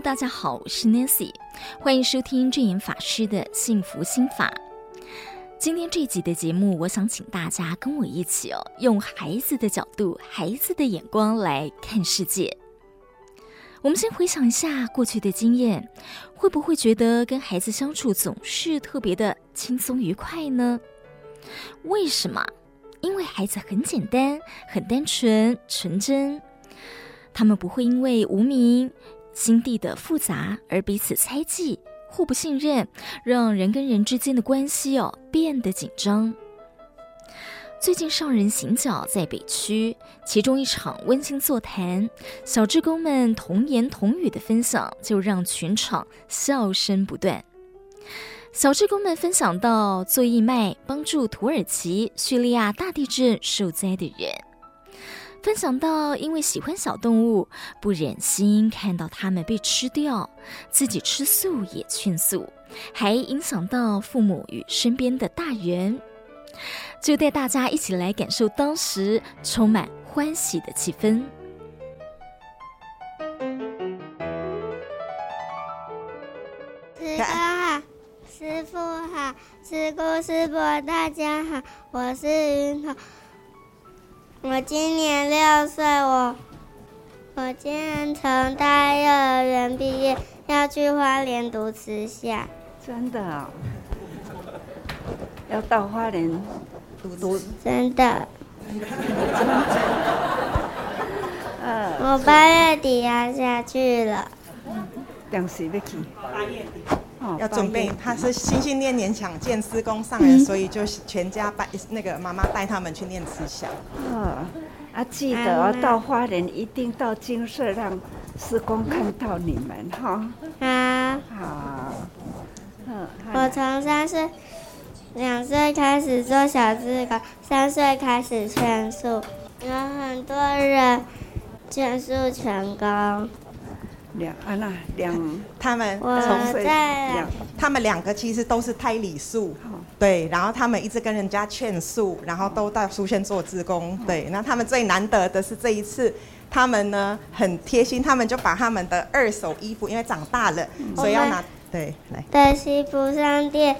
大家好，我是 Nancy，歡迎收聽證嚴法師的幸福心法。今天這集的節目，我想請大家跟我一起哦，用孩子的角度、孩子的眼光來看世界。我們先回想一下過去的經驗，會不會覺得跟孩子相處總是特別的輕鬆愉快呢？為什麼？因為孩子很簡單、很單純、純真，他們不會因為無名。心地的複雜，而彼此猜忌、互不信任，讓人跟人之間的關係哦變得緊張。最近上人行腳在北區，其中一場溫馨座談，小志工們童言童語的分享，就讓全場笑聲不斷。小志工們分享到做義賣，幫助土耳其、敘利亞大地震受災的人。分享到，因為喜歡小動物，不忍心看到它們被吃掉，自己吃素也勸素，還影響到父母與身邊的大人，就帶大家一起來感受當時充滿歡喜的氣氛。師父好，師父好，師父、師父，大家好，我是昀彤。我今年六歲，我我今年從大幼兒園畢業，要去花蓮讀慈小。真的、哦，要到花蓮讀讀。讀真的。 啊、我八月底要下去了。嗯、兩歲那要準備，哦、他是心心念念想見師公上人，嗯、所以就全家拜那個媽媽帶他們去念思想。啊、哦，啊，記得到花蓮一定到精舍讓師公看到你們哈。哦、啊好，好。我從三歲、兩歲開始做小志工，三歲開始勸素，有很多人勸素成功。兩啊，那兩他們哇，他們他們兩個其實都是胎裡素，好對，然後他們一直跟人家勸素，然後都到書軒做志工，好對，那他們最難得的是這一次，他們呢很貼心，他們就把他們的二手衣服，因為長大了，嗯、所以要拿 Okay. 對來在西服商店，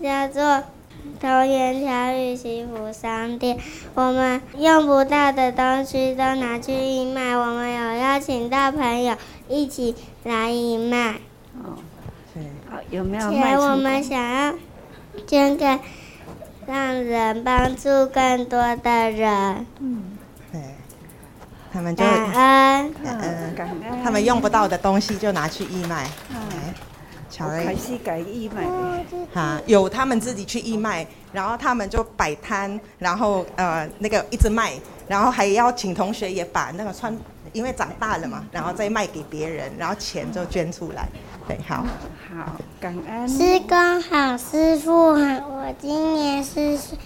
要做。童言巧語祈福商店，我們用不到的東西都拿去義賣。我們有邀請到朋友一起來義賣。哦，對，好，有沒有？且我們想要捐給，讓人幫助更多的人。嗯，對，他們就感恩，嗯，感恩、嗯。他們用不到的東西就拿去義賣。嗯還是改義賣，哈、啊，有他們自己去義賣，然後他們就擺攤，然後呃那個一直賣，然後還要請同學也把那個穿，因為長大了嘛，然後再賣給別人，然後錢就捐出來。對，好，好，感恩。師公好，師父好，我今年四歲，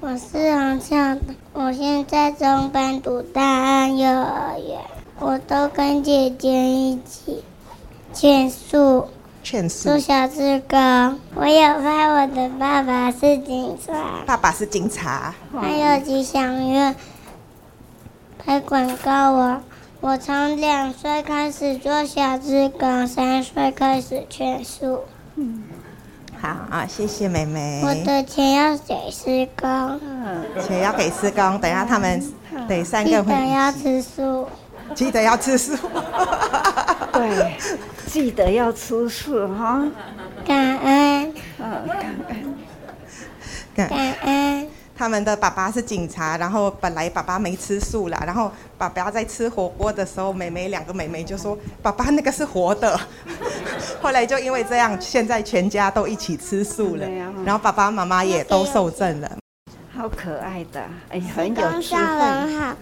我是很小的，我現在中班讀大二，幼兒園，我都跟姐姐一起借宿。做小施工，我有拍我的爸爸是警察，爸爸是警察，還有吉祥樂拍廣告啊！我從兩歲開始做小施工，三歲開始勸樹。好啊，謝謝妹妹。我的錢要給施工，好錢要給施工。等下他們，對三個會。記要吃素。記得要吃素。 對，記得要吃素哈恩、哦。感恩。嗯，感恩。感恩。他們的爸爸是警察，然後本來爸爸沒吃素啦，然後爸爸在吃火鍋的時候，妹妹兩個妹妹就說：“爸爸那個是活的。 ”後來就因為這樣，現在全家都一起吃素了，然後爸爸媽媽也都受證了。好可愛的，哎、欸，很有吃分。上人好，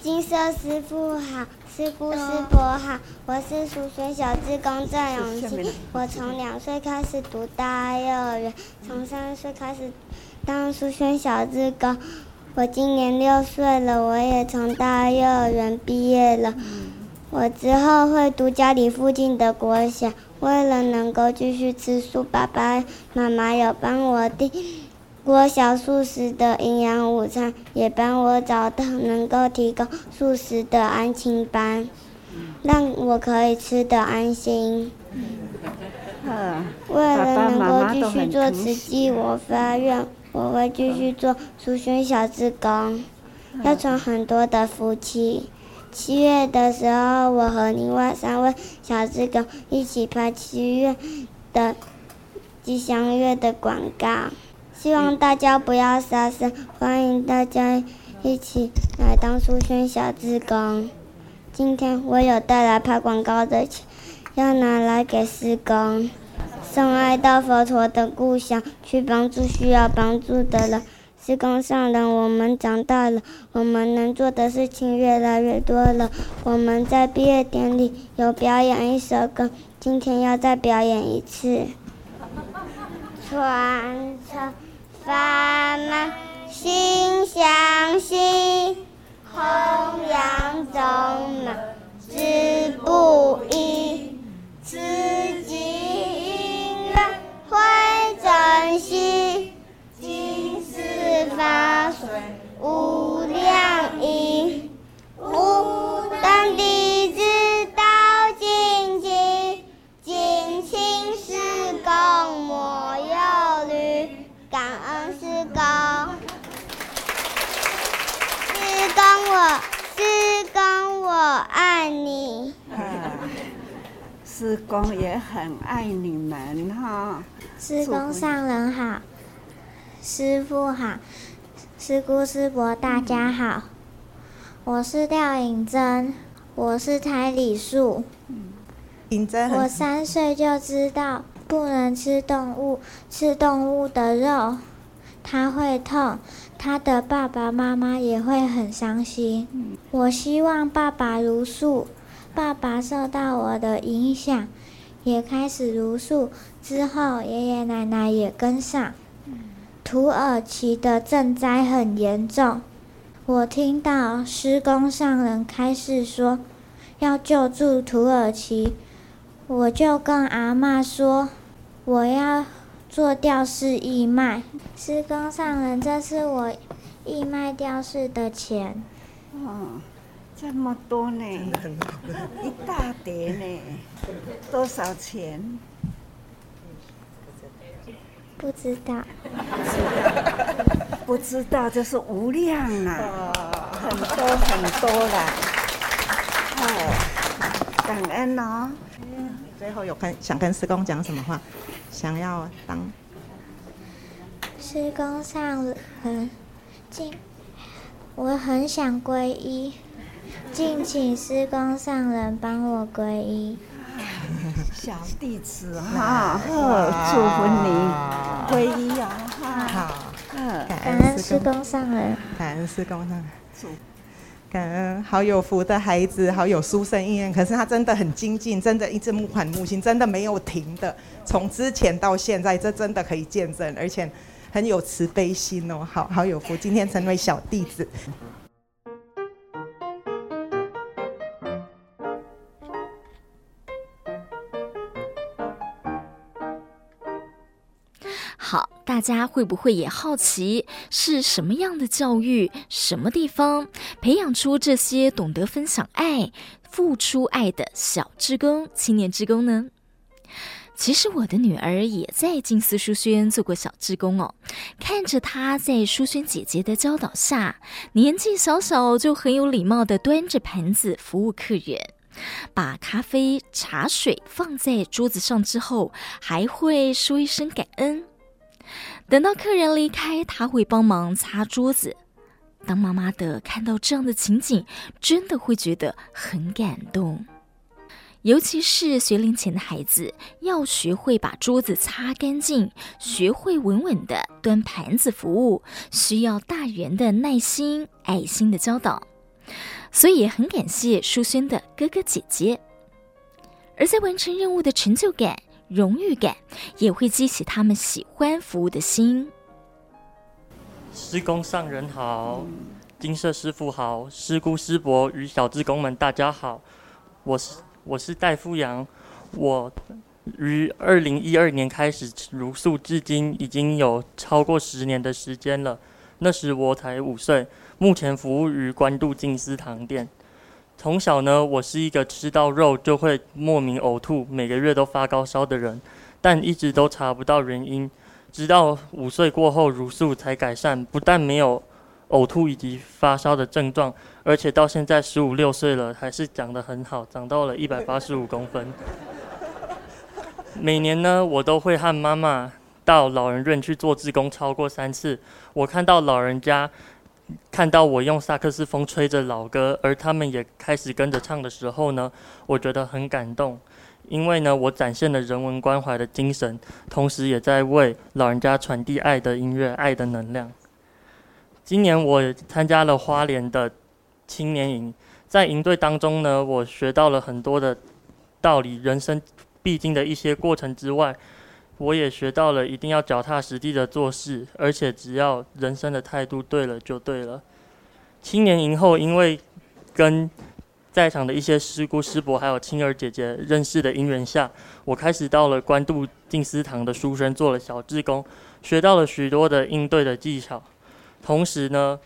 精舍師父好。好，我是書軒小志工鄭詠心。我從兩歲開始讀大幼兒園，從三歲開始當書軒小志工。我今年六歲了，我也從大幼兒園畢業了。我之後會讀家裡附近的國小，為了能夠繼續吃素，爸爸媽媽有幫我訂。我小素食的營養午餐，也幫我找到能夠提供素食的安親班，讓我可以吃得安心。呵為了能夠繼續做慈濟，爸爸媽媽我發願，我會繼續做書軒小志工，呵要傳很多的福氣。七月的時候，我和另外三位小志工一起拍七月的吉祥月的廣告。希望大家不要殺生，歡迎大家一起來當素宣小志工。今天我有帶來拍廣告的錢，要拿來給師公，送愛到佛陀的故鄉去幫助需要幫助的人。師公上人，我們長大了，我們能做的事情越來越多了。我們在畢業典禮有表演一首歌，今天要再表演一次。傳承。爸媽心相繫，弘揚中華志不移。師姑、師伯，大家好，嗯、我是廖尹甄，我是胎裡素。嗯、我三歲就知道不能吃動物，吃動物的肉，他會痛，他的爸爸媽媽也會很傷心。嗯、我希望爸爸茹素，爸爸受到我的影響，也開始茹素。之後爺爺奶奶也跟上。土耳其的震災很嚴重，我聽到師公上人開示說要救助土耳其，我就跟阿嬤說，我要做吊飾義賣。師公上人，這是我義賣吊飾的錢。嗯、哦，這麼多呢，真的很多，一大疊呢，多少錢？不知道， 不知道，不知道，就是無量啊，哦，很多很多啦，哦。感恩哦。嗯、最後有跟想跟師公講什麼話？想要當師公上人很，我很想皈依，敬請師公上人幫我皈依。小弟子哈、啊，嗯，祝福你，皈依啊哈，好，感恩師公上人，感恩師公上人，是感恩，好有福的孩子，好有書生意願，可是他真的很精進，真的一直目緩目心，真的沒有停的，從之前到現在，這真的可以見證，而且很有慈悲心哦，好好有福，今天成為小弟子。大家會不會也好奇是什麼樣的教育、什麼地方培養出這些懂得分享愛、付出愛的小志工、青年志工呢？其實我的女兒也在靜思書軒做過小志工哦。看着她在書軒姐姐的教導下，年紀小小就很有禮貌地端着盤子服務客人，把咖啡、茶水放在桌子上之後，還會說一聲感恩。等到客人離開，他會幫忙擦桌子。當媽媽的看到這樣的情景，真的會覺得很感動。尤其是學齡前的孩子，要學會把桌子擦乾淨，學會穩穩的端盤子服務，需要大人的耐心、愛心的教導。所以也很感謝書軒的哥哥姐姐。而在完成任務的成就感。榮譽感也會激起他們喜歡服務的心。師公上人好，精舍師父好，師姑師伯與小志工們大家好，我是我是戴富洋，我於二零一二年開始茹素，至今已經有超過十年的時間了。那時我才五歲，目前服務於關渡靜思堂店。從小呢，我是一個吃到肉就會莫名嘔吐、每個月都發高燒的人，但一直都查不到原因，直到五歲過後茹素才改善，不但沒有嘔吐以及發燒的症狀，而且到現在十五六歲了，還是長得很好，長到了一百八十五公分。每年呢，我都會和媽媽到老人院去做志工超過三次，我看到老人家。看到我用薩克斯風吹着老歌，而他們也開始跟着唱的時候呢，我覺得很感動，因為呢，我展現了人文關懷的精神，同時也在為老人家傳遞愛的音樂、愛的能量。今年我參加了花蓮的青年營，在營隊當中呢，我學到了很多的道理，人生必經的一些過程之外。我也學到了，一定要腳踏實地的做事，而且只要人生的態度對了就對了。青年營後，因為跟在場的一些師姑、師伯還有青兒姐姐認識的因緣下，我開始到了關渡靜思堂的書軒做了小志工，學到了許多的應對的技巧。同時呢，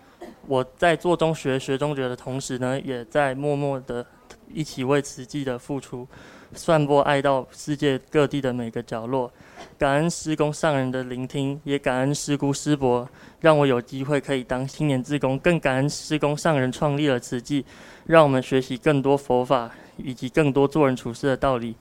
我在做中學、學中學的同時呢，也在默默的一起為慈濟的付出。散播愛到世界各地的每個角落。感恩師公上人的聆聽，也感恩師姑師伯，讓我有機會可以當青年志工。更感恩師公上人創立了慈濟，讓我們學習更多佛法，以及更多做人處事的道理。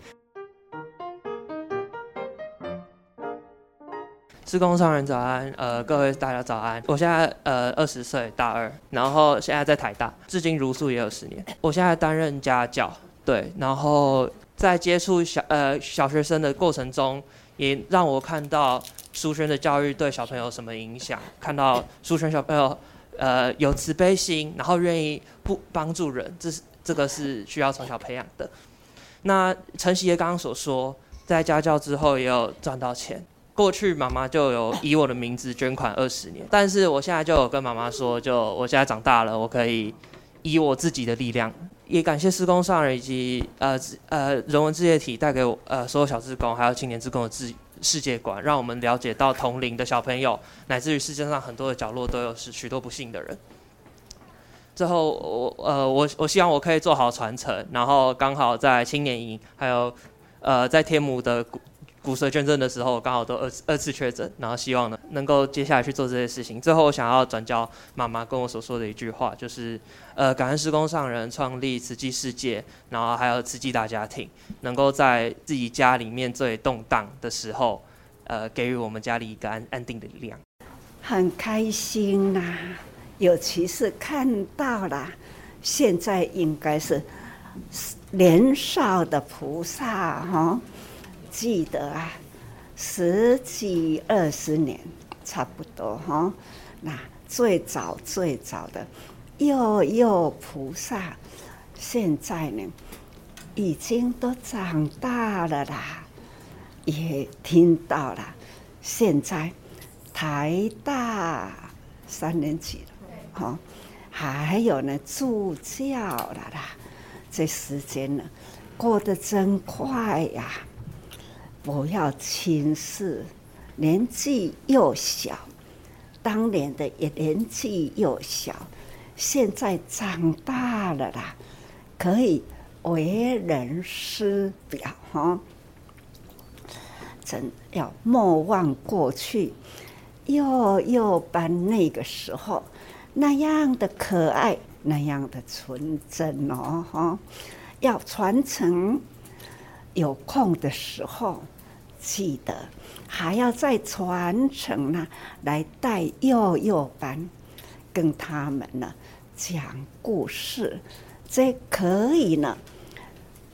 師公上人早安，呃，各位大家早安。我現在呃二十歲，大二，然後現在在台大，至今如數也有十年。我現在擔任家教，對，然後。在接觸小呃小學生的過程中，也讓我看到書軒的教育對小朋友什麼影響。看到書軒小朋友呃有慈悲心，然後願意不幫助人，這是這個是需要從小培養的。那陳習也剛剛所說，在家教之後也有賺到錢。過去媽媽就有以我的名字捐款二十年，但是我現在就有跟媽媽說，就我現在長大了，我可以以我自己的力量。也感謝師公上人以及呃呃人文自媒體，帶給我呃所有小志工還有青年志工的自世界觀，讓我們了解到同齡的小朋友乃至於世界上很多的角落都有是許多不幸的人。最後呃我呃我我希望我可以做好傳承，然後剛好在青年營還有呃在天母的，骨髓捐贈的時候，我剛好都二次二次確診，然後希望呢能夠接下來去，去做這些事情。最後我想要轉交媽媽跟我所說的一句話，就是呃，感恩師公上人創立慈濟世界，然後還有慈濟大家庭，能夠在自己家裡面最動盪的時候，呃，給予我們家裡一個安安定的力量。很開心啊，尤其是看到了現在應該是年少的菩薩哈、哦。記得啊，十幾二十年，差不多哈。那最早最早的幼幼菩薩，現在呢，已經都長大了啦，也聽到啦。現在台大三年級了，哈，Okay. 還有呢助教了啦，啦。這時間呢，過得真快呀、啊。不要輕視，年紀又小，當年的也年紀又小，現在長大了啦，可以為人師表哦。真要莫忘過去，又又把那個時候那樣的可愛、那樣的純真哦，哦，要傳承。有空的時候，記得還要再傳承呢，來帶幼幼班，跟他們呢講故事，這可以呢，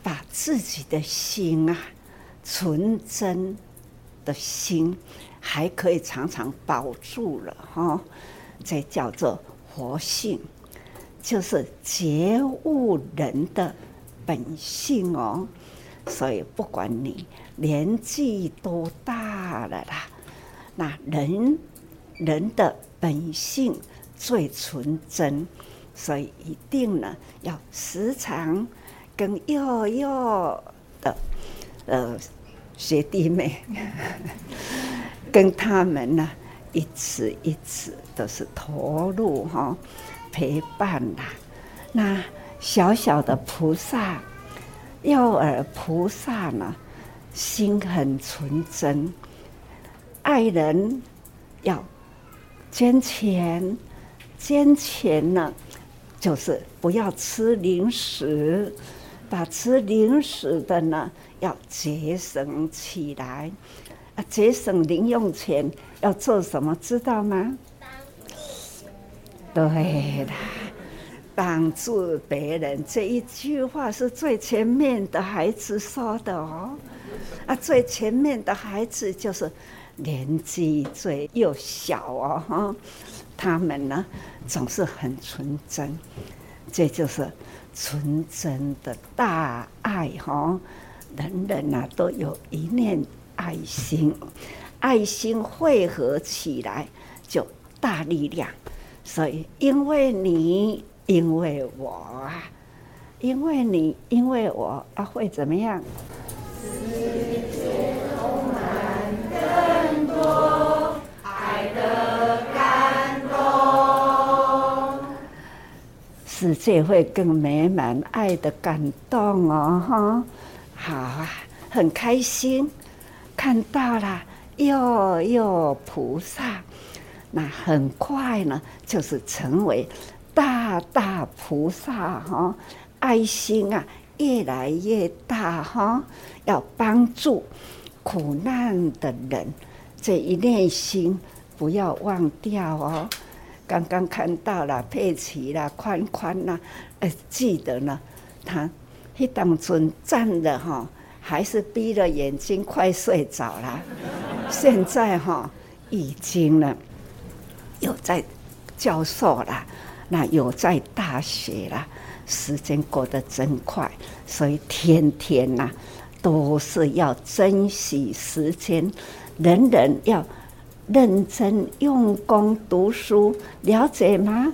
把自己的心啊，純真的心，還可以常常保住了哈、哦，這叫做活性，就是覺悟人的本性哦。所以不管你年紀多大了啦，那人人的本性最純真，所以一定呢要時常跟幼幼的呃學弟妹， 跟他們呢一次一次都是投入哈陪伴啦，那小小的菩薩。幼兒菩薩呢，心很純真，愛人要捐錢，捐錢呢就是不要吃零食，把吃零食的呢要節省起來，啊，節省零用錢要做什麼？知道嗎？對的。幫助別人這一句話是最前面的孩子說的哦、喔，啊，最前面的孩子就是年紀最幼小哦、喔，他們呢總是很純真，這就是純真的大愛哈、喔。人人啊都有一念愛心，愛心會合起來就大力量，所以因為你。因為我啊，啊因為你，因為我啊，會怎麼樣？世界充滿更多愛的感動，世界會更美滿，愛的感動哦，哈，好啊，很開心，看到了又，喲喲，菩薩，那很快呢，就是成為。大大菩薩哈、喔，愛心啊越來越大哈、喔，要幫助苦難的人，這一念心不要忘掉哦、喔。剛剛看到了佩奇了，寬寬了，哎、欸，記得呢。他那當陣站的哈、喔，還是閉着眼睛快睡着了。 現在哈、喔，已經了，有在教授了。那有在大學啦，時間過得真快，所以天天吶、啊、都是要珍惜時間，人人要認真用功讀書，了解嗎？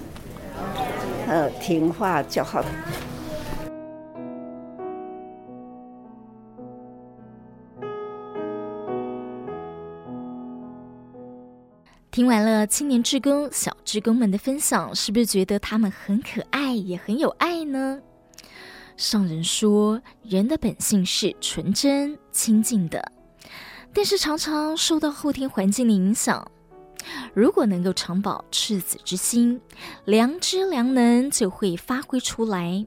呃 Okay.，聽話就好。聽完了青年志工、小志工們的分享，是不是覺得他們很可愛，也很有愛呢？上人說，人的本性是純真、清淨的，但是常常受到後天環境的影響。如果能夠常保赤子之心，良知、良能就會發揮出來。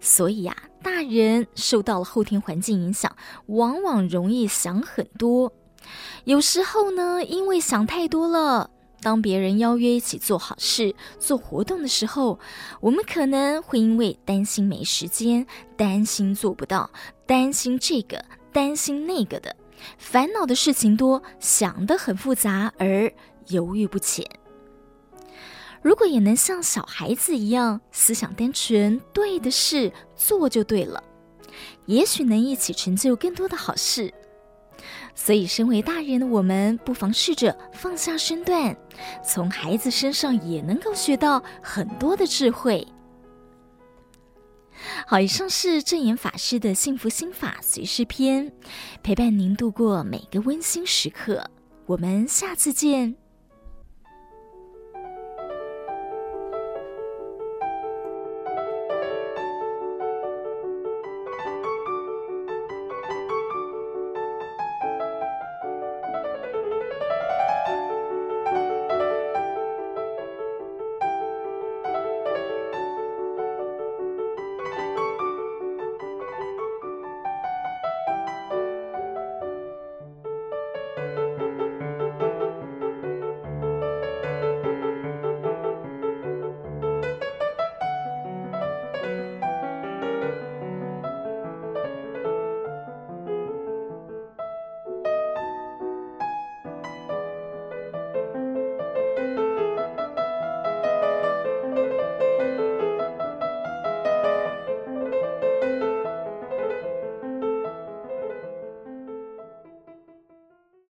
所以呀，大人受到了後天環境影響，往往容易想很多。有時候呢，因為想太多了。當別人邀約一起做好事、做活動的時候，我們可能會因為擔心沒時間、擔心做不到、擔心這個、擔心那個的煩惱的事情多，想得很複雜而猶豫不前。如果也能像小孩子一樣，思想單純，對的事做就對了，也許能一起成就更多的好事。所以，身為大人的我們，不妨試着放下身段，從孩子身上也能夠學到很多的智慧。好，以上是證嚴法師的《幸福心法隨事篇》，陪伴您度過每個溫馨時刻。我們下次見。